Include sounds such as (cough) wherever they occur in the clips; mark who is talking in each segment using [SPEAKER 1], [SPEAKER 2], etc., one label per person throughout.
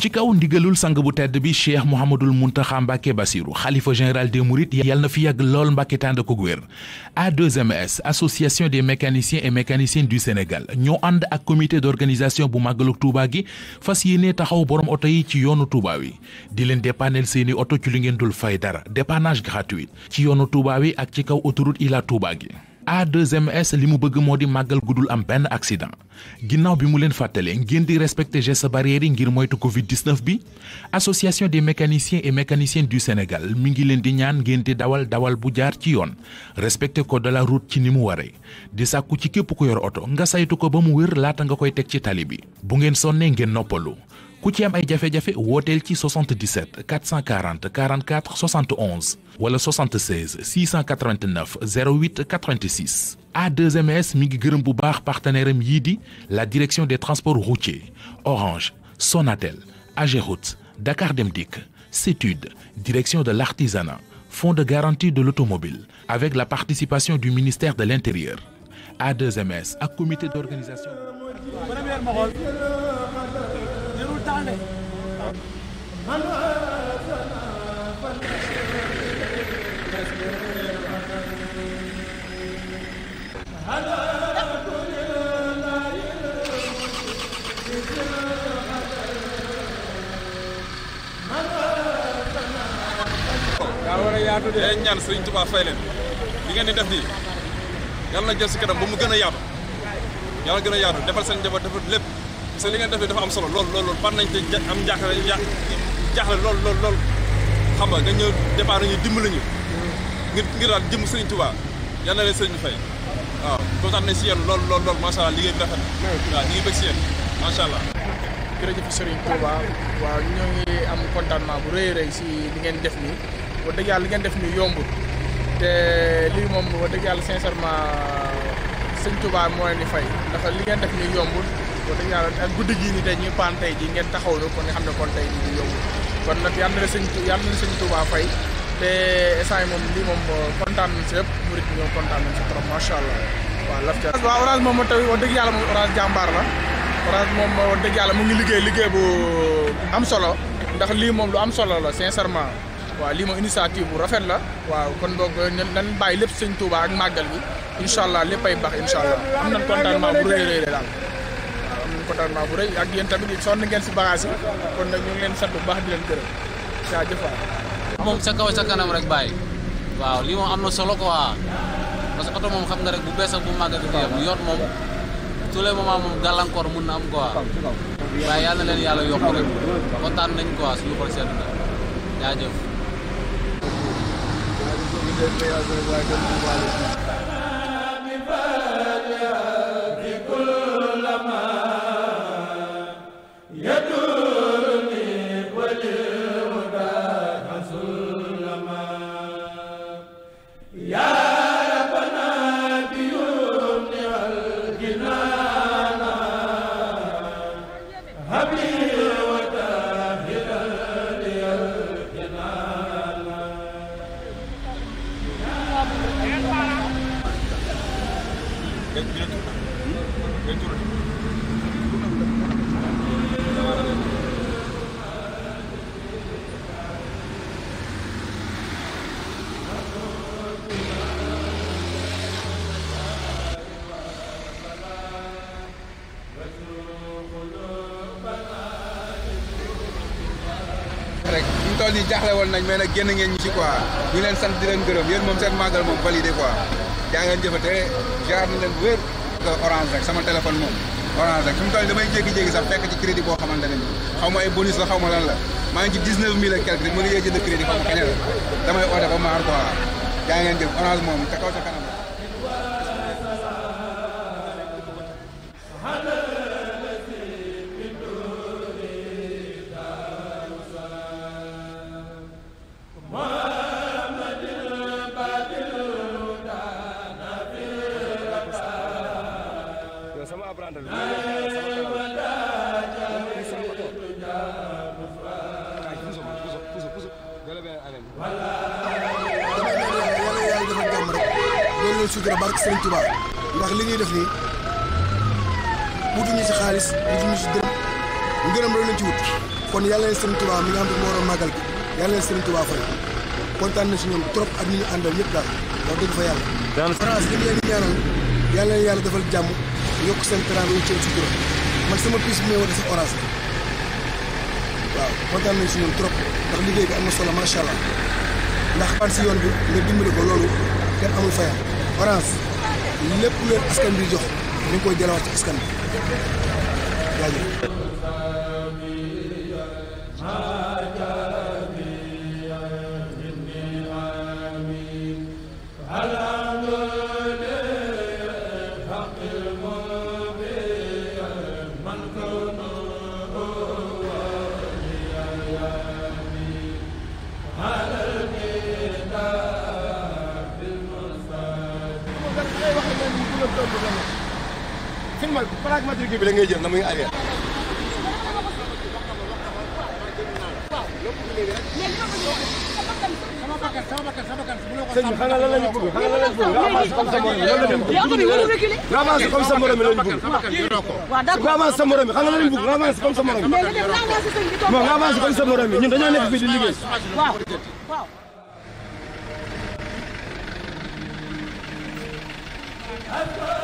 [SPEAKER 1] ci kaw ndigalul sang bu tedd bi cheikh mouhamadul muntaxa mbàkke basiru xalifa général des mourides yàlla na fi yàgg lool mbàkke tànd ko wér a ms association des mécaniciens et mécaniciennes du Sénégal ñoo ànd ak comité d'organisation bu màggalu Touba gi fas yéene taxaw borom oto yi ci yoonu Touba wi di leen dépanel seeni oto ci li ngeen dul fay dara dépannage gratuit ci yoonu Touba wi ak ci kaw autoroute illa Touba gi A2MS li mu bëgg moo di màggal guddul am benn accident ginnaaw bi mu leen fàttalee ngéen di respecter gestes barrières yi ngir moytu Covid 19 bi association de mécaniciens et mécaniciennes du Sénégal mi ngi leen di ñaan ngéen di dawal dawal bu jaar ci yoon respecter ko de la route ci ni mu waree di sàkku ci képp ku yor oto nga saytu ko ba mu wér laata nga koy teg ci tali bi bu ngeen sonnee ngeen noppalu. ku ci am ay jafe-jafe wooteel ci 77 440 44 71 wala 76 689 08 86. A2MS mi ngi gërëm bu baax partenaire am yii di la direction des transports routiers Orange Sonatel Ageroute Dakar Dem Dikk direction de l'artisanat fonds de garantie de l'automobile avec la participation du ministère de l'intérieur A2MS ak comité d'organisation. yaa ñaan sëriñ Tuubaa fay leen li ngeen di def nii yàlla na jël si kanam ba mu gën a yaatu yàlla gën a yaatu defal seen njaboot defal lépp parce que li ngeen def dafa am solo lool lool lool par nañ te am njaaxle jaaxle lool lool lool xam nga nga ñëw départ nañu dimbali lañu ngir ngir daal jëm Sëriñ Tuubaa yal na leen sëriñ bi fay waaw kontaan nañ si yéen lool lool lool macha allah liggéey bi rafet na waaw ñu ngi bëgg macha allah jërëjëf Sëriñ Tuubaa waaw ñoo ngi am contentement bu rëy rëy si li ngeen def nii wax dëgg li ngeen def nii yombul te lii moom moo dëgg yàlla sincèrement Sëriñ Tuubaa moo leen di fay dafa li ngeen def nii yombul wax dëgg yàlla ak guddi gii ni tey ñuy paan tey ji ngeen taxaw na kon nga xam ne kon tey kon nag yal na la sëñ yal na la sëñ Touba fay moom lii moom euh, kontaan nañ allah waaw laf ca waaw orange moom taw dëgg yàlla moom orange jàmbaar la moom euh, wax dëgg yàlla mu ngi liggéey liggéey bu am solo ndax lii moom lu am solo la sincèrement waa lii moom initiative bu rafet la waaw kon boog euh, nan bàyyi lépp sëñ Touba ak màggal bi incha lépp léppay baax incha allah na nañ contentement bu rëy rëy daal contentement bu rëy ak yéen tamit sonn ngeen si bagage yi kon nag ñu ngi leen moom sa kaw sa kanam rek bàyyi waaw lii moom am na solo quoi parce que oto moom xam nga rek bu bees ak bu màgg bi yam yoon moom tous les moments moom gàllankoor mun na am quoi waaye yàlla na leen yàlla yokk rek kontaan nañ quoi
[SPEAKER 2] suñu xol sedd na jaajëf bi
[SPEAKER 1] nañ mais nag génn ngeen ñu ci quoi ñu leen sant di leen gërëm yéen moom seen màggal moom validé quoi jaa ngeen jëfate jaar na leen wér orange rek sama téléphone moom orange rek fi mu toll damay jékki-jékki sax fekk ci crédit boo xamante ne nii xaw ma ay bonus la xaw ma lan la maa ngi ci 19 mille ak quelque rek mënu yee jënd damay oote ba maar quoi jaa jëf orange moom ca kaw ca kanam barke Sëriñ Tuubaa ndax li ñuy def nii wutuñu si xaalis wutuñu si dërëm ngërëm la ñu ci wut kon yàlla leen Sëriñ Tuubaa mi nga màggal bi yàlla leen Sëriñ Tuubaa si ñoom trop ak ni ñu àndal ñëpp daal wax fa yàlla. France li yàlla defal jàmm yokk seen teranga yu cee sutura man sama piis bi may woote waaw kontaan nañ si trop ndax liggéey am na solo macha allah ndax pan yoon bi nga dimbali ko loolu kenn amul fayam. Orange lépp leen askan bi jox ñu ngi koy jëlawaat ci askan bi
[SPEAKER 2] jaajëf plaque matricule la ngay jël na muy arrière. sëñ bi xanaa lan la ñu bëgg xanaa lan sa morom yi. nga avancé comme sa morom yi la ñu bëgg. nga avancé sa morom
[SPEAKER 1] yi xanaa lan la sa morom yi. non nga avancé comme sa di
[SPEAKER 2] liggéey.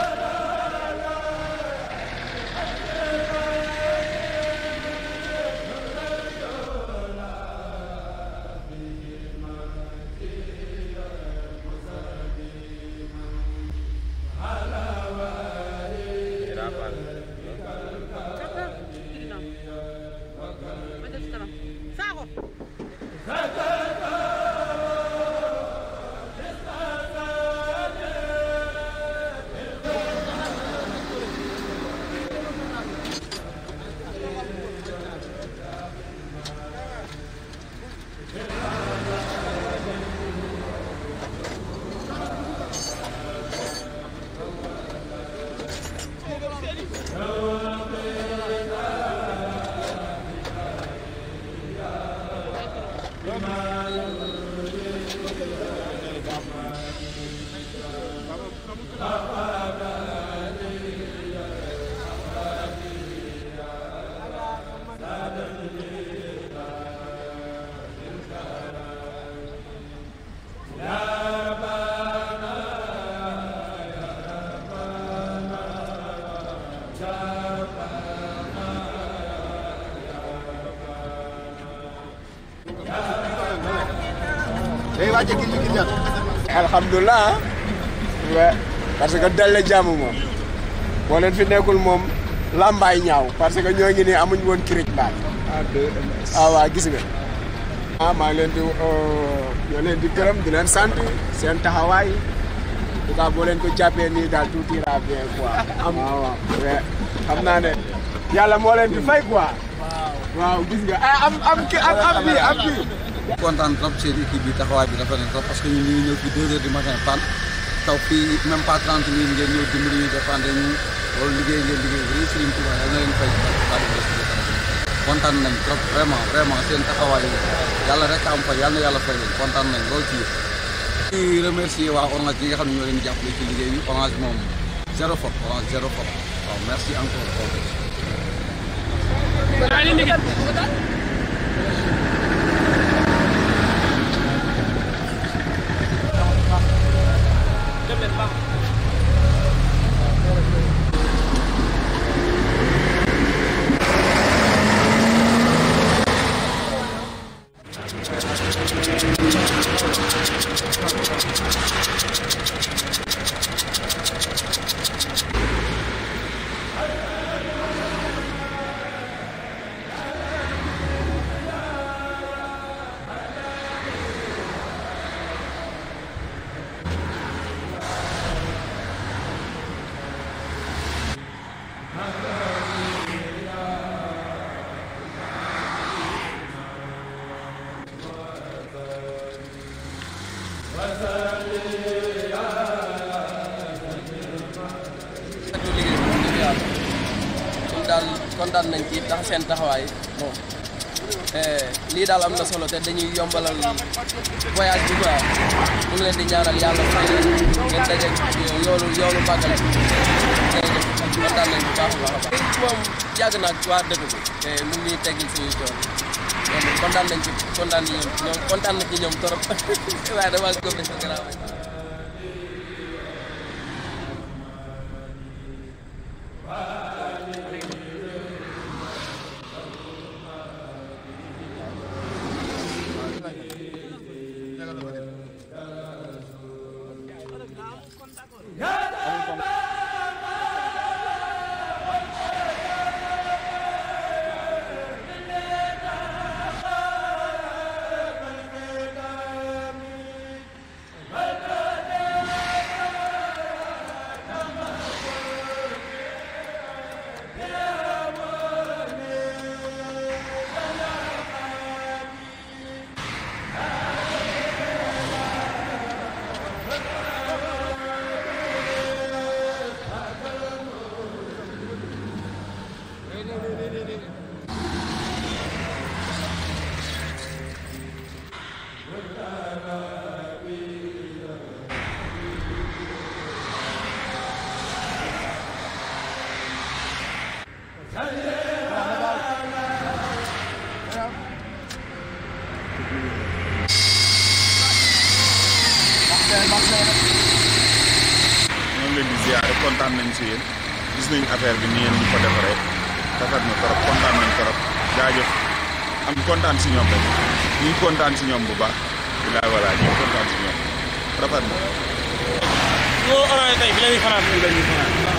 [SPEAKER 2] day wàcce kii
[SPEAKER 1] parce que dal la jàmm moom boo leen fi nekkul moom làmbaay ñaaw parce que ñoo ngi nii amuñ woon kirij baal. ah gis nga. ah maa ngi leen di oh, di gërëm di leen sant seen taxawaay en tout boo leen ko jàppee nii daal tout bien quoi. am ah, waaw waaw xam naa yàlla moo leen di fay quoi. waaw gis nga ah am ki am am
[SPEAKER 2] kontaan trop seen équipe bi taxawaay bi rafet na trop parce que ñu ngi ñëw fii deux heures du matin pan taw fii même pas trente minutes ngeen ñëw dimbali ñu defante ñu loolu liggéey ngeen liggéey bi Serigne Touba yal na leen fay kontaan nañ trop vraiment vraiment seen taxawaay yi rek am fay yal na yàlla fay leen kontaan nañ lool ci yéen di remercier waa Orange yi nga xam ne ñoo leen jàppale ci liggéey bi Orange moom zéro faute Orange zéro faute waaw merci encore Bang. kontaan nañ ci tax seen taxawaay bon eh, lii daal am na solo te dañuy yombalal voyage bi quoi ñu ngi leen di ñaanal yàlla fay leen ngeen daje yoonu yoonu màggal te kontaan nañ bu baax a baax a baax. moom yàgg naa waa dëkk te mu ngi kontaan nañ ci kontaan nañ ci ñoom na ci ñoom trop (laughs)
[SPEAKER 1] si yéen gis nañ affaire bi ni yéen ñu ko defaree rafet na trop kontaan nañ trop jaajëf am kontaan si ñoom rek ñu kontaan si ñoom bu baax bilaay wala ñu ngi kontaan si ñoom rafet na. boo oree tey fi la ñuy fanaan fi
[SPEAKER 2] la fanaan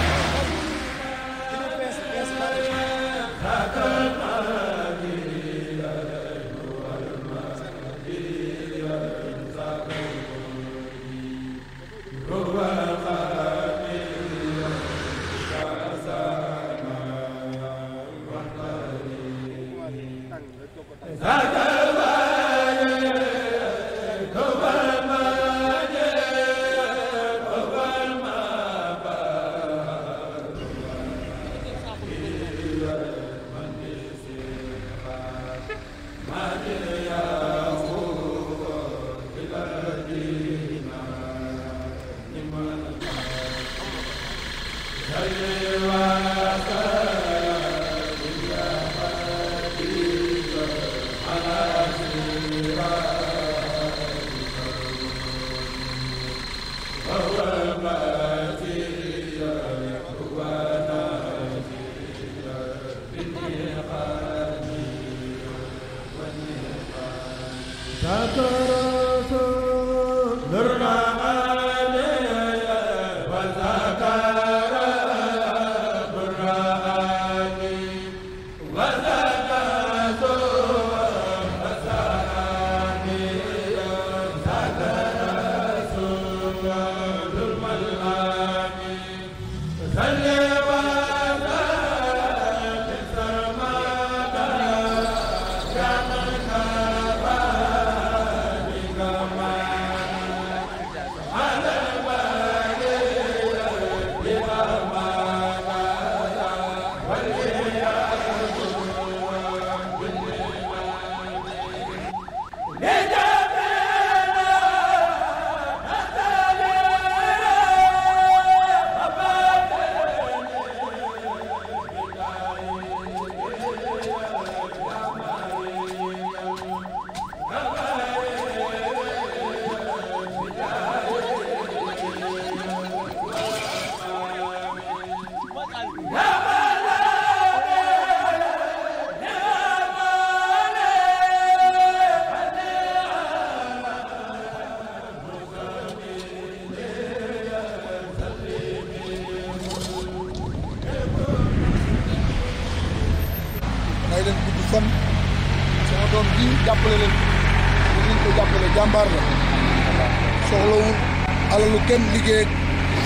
[SPEAKER 1] dem liggéey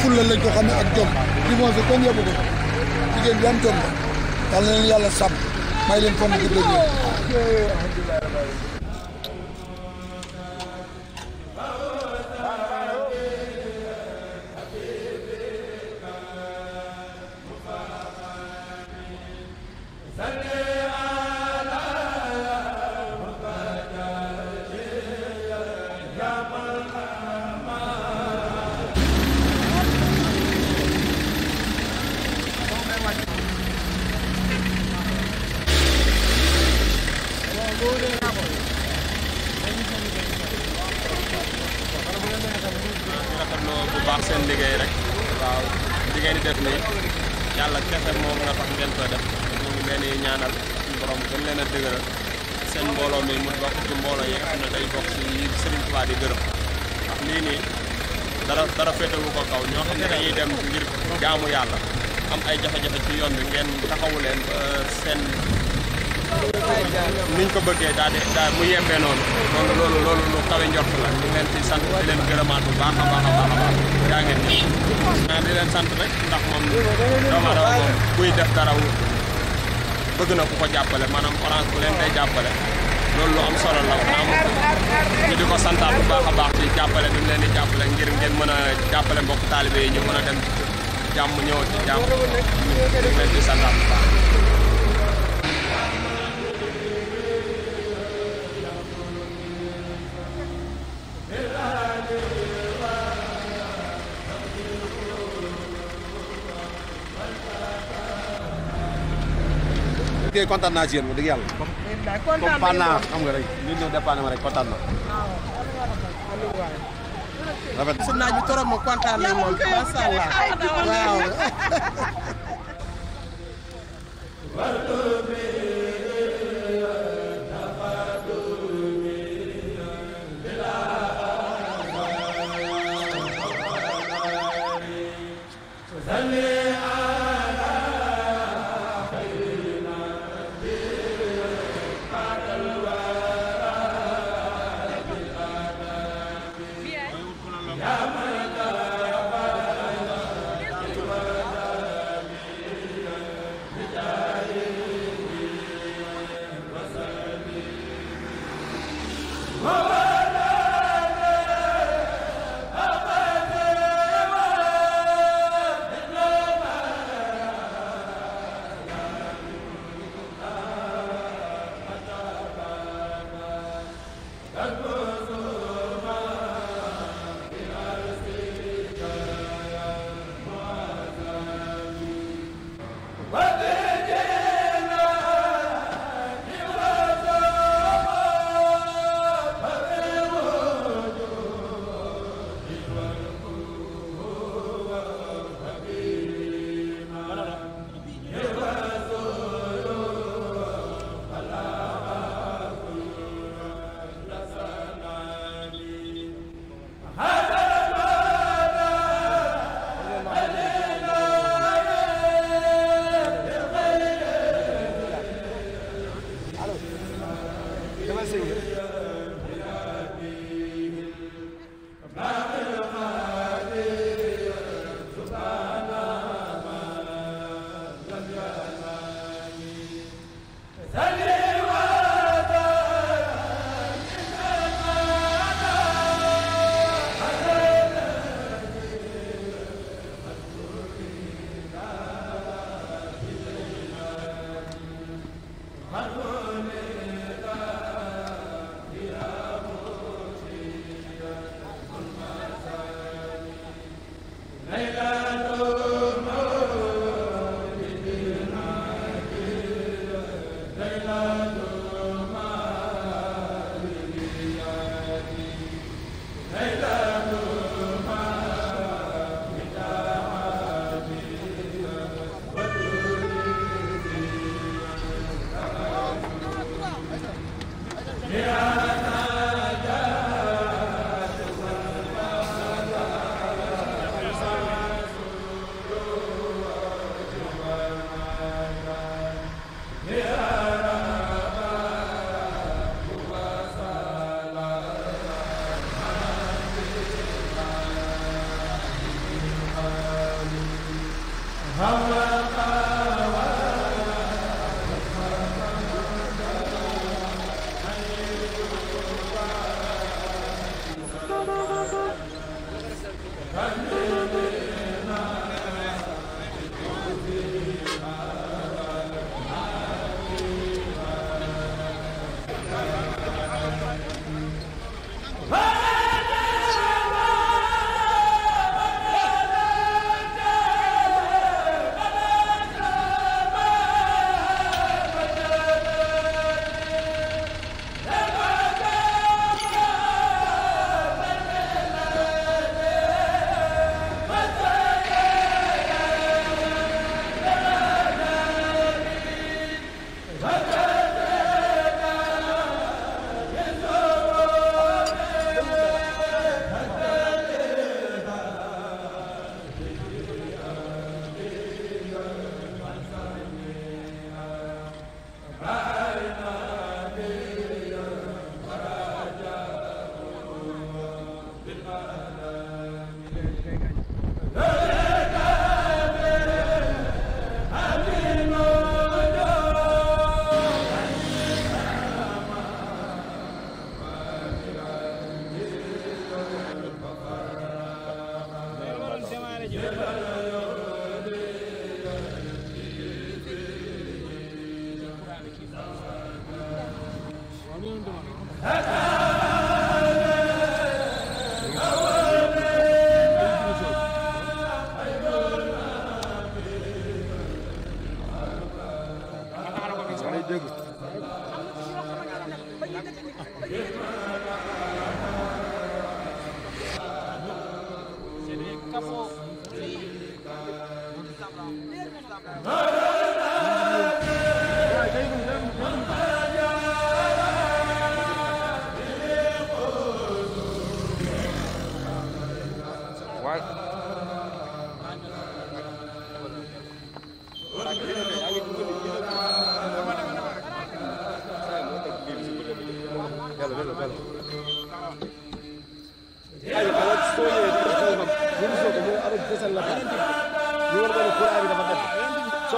[SPEAKER 1] fulla lañ ko xamee ak jom di moom fi kon yabu ko jigéen bi am jom la yàlla na leen yàlla sàmm may leen fan bu
[SPEAKER 2] gudd
[SPEAKER 1] jaamu yàlla am ay jafe-jafe ci yoon bi ngeen taxawu leen ba euh, seen niñ ko bëggee daal di mu yembee noonu loolu loolu loolu lu kawe njort la di leen ci sant di leen gërëmaat bu baax a baax a baax a baax yaa ngeen ñëpp di leen sant rek ndax moom buy def dara bëgg na ku ko jàppale maanaam orange bu leen day jàppale loolu lu am solo la maanaam
[SPEAKER 2] ñu di ko santaat bu
[SPEAKER 1] baax a baax ci jàppale bi ñu leen di jàppale ngir ngeen mën a jàppale mbokk taalibe yi ñu mën a dem jàmm ñëw ci jàmm ñu leen di santaat bu baax liggéey kontaan naa ci yéen wax dëgg yàlla.
[SPEAKER 2] comme comme Panna xam
[SPEAKER 1] nga rek ñun ñoo dépanné ma rek kontaan na. rafet na naaj bi trop ma kontaan nañ moom macha allah waaw.
[SPEAKER 2] (laughs)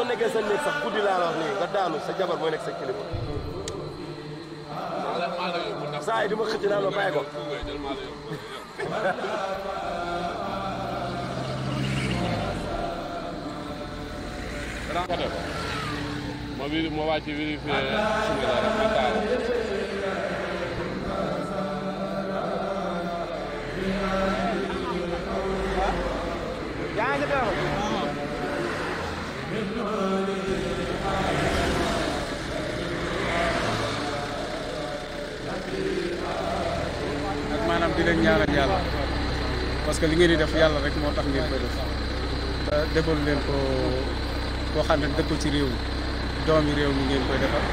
[SPEAKER 2] soo nekkee sa néeg sax guddi laa la wax nii nga daanu sa jabar mooy nekk sa kilifa.
[SPEAKER 1] saa yi di ma xëcc naan ma bàyyi ko. ma wér ma wàcc vérifié suma dara fi taal
[SPEAKER 2] yaa ngi maanaam di leen ñaanal yàlla parce que li ngeen di def yàlla rek moo tax ngeen koy def te defal leen ko koo xam ne dëkku ci réew mi doomi réew mi ngeen koy defal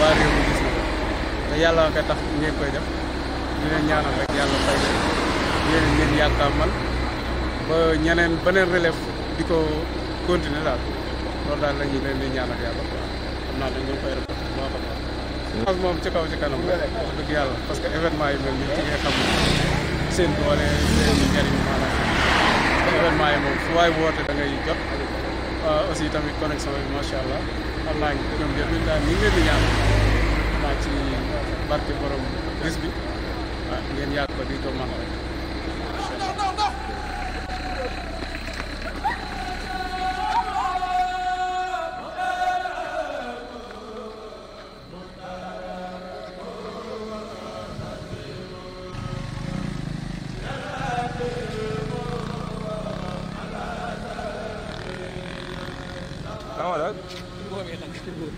[SPEAKER 2] waa réew mi gis na te yàlla nga tax ngeen koy def di leen ñaanal rek yàlla fay leen di ko continuer loolu daal la ñu leen di ñaanal yàlla quoi xam naa dañ ñu koy rafet bu baax a baax mm. moom ci kaw ci kanam rek wax dëgg yàlla parce que événement yi mel ni ci ngay xam seen doole seen njëriñ maanaam événement yi moom fu waay woote da ngay jot euh, aussi tamit connexion yi macha allah xam naa ñoom ñëpp daal ñu ngi leen di ñaanal naa ci barke borom bis bi waaw ngeen yàgg ko di ko mën rek ngay lakk ci nguur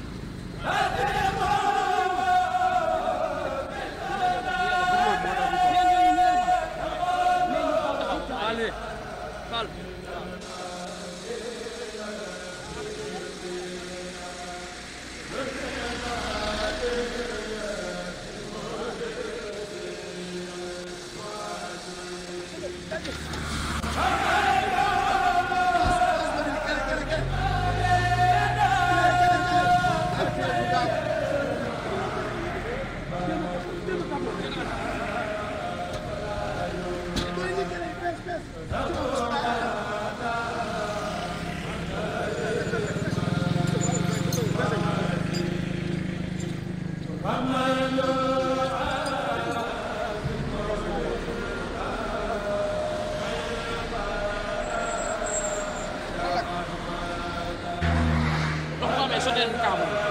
[SPEAKER 2] Hey! suñu leen kaamu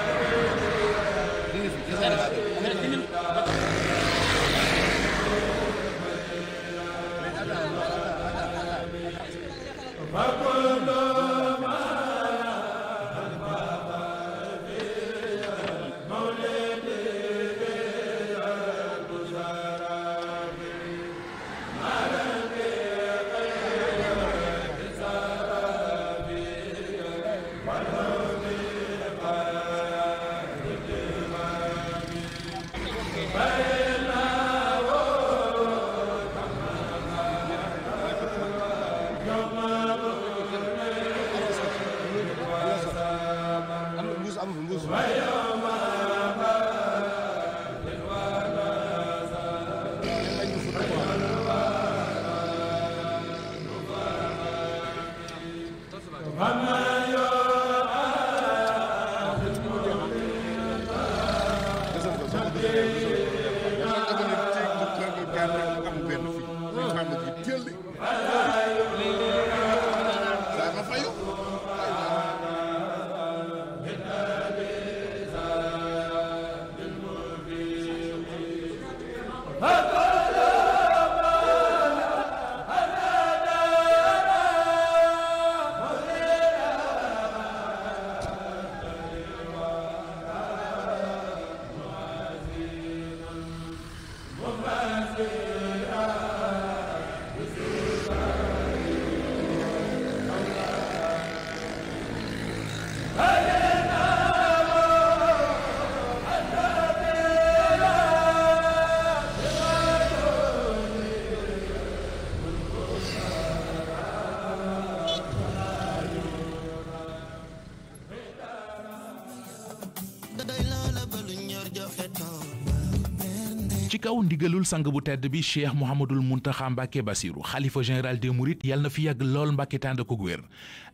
[SPEAKER 1] ndigalul sang bu tedd bi cheikh mouhamadul muntaxa mbàkke basiru xalifa général des mourides yàlla na fi yàgg lool mbàkke tànd ko wér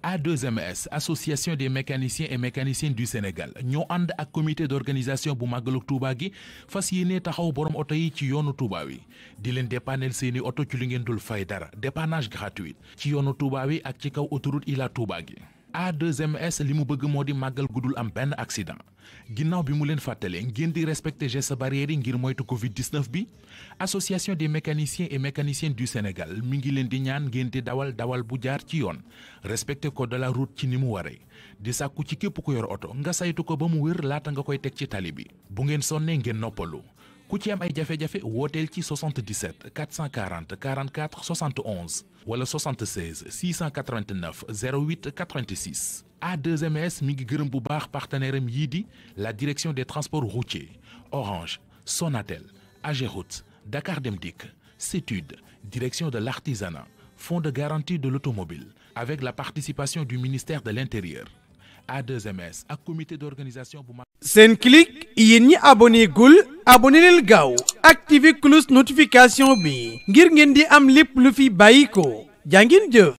[SPEAKER 1] A2MS association des mécaniciens et mécaniciennes du Sénégal ñoo ànd ak comité d'organisation bu màggalu Touba gi fas yéene taxaw borom oto yi ci yoonu Touba wi di leen dépanel seeni oto ci li ngeen dul fay dara dépannage gratuit ci yoonu Touba wi ak ci kaw autoroute Ila Touba gi A2MS li mu bëgg moo di màggal guddul am benn accident ginnaw bi mu leen fàttalee ngeen di respecter gestes barrières yi ngir moytu Covid 19 bi association des mécaniciens et mécaniciennes du Sénégal mi ngi leen di ñaan ngeen di dawal dawal bu jaar ci yoon respecter ko de la route ci ni mu waree di sàkku ci képp ku yor oto nga saytu ko ba mu wér laata nga koy teg ci tali bi bu ngeen sonnee ngeen noppalu. ku ci am ay jafe-jafe wooteel ci 77 440 44 71 wala 76 689 08 86 A2MS mi ngi gërëm bu baax partenaire am yii di la direction des transports routiers Orange Sonatel Ageroute Dakar Dem Dikk CETUD direction de l'artisanat fonds de garantie de l'automobile avec la participation du ministère de l'intérieur A2MS ak comité d'organisation bu mag. Senclic yéen ñi abonné gul. abonné leen gaaw activé cloche notification bi ngir ngeen di am lépp lu fi bàyyi ko jaa ngeen jëf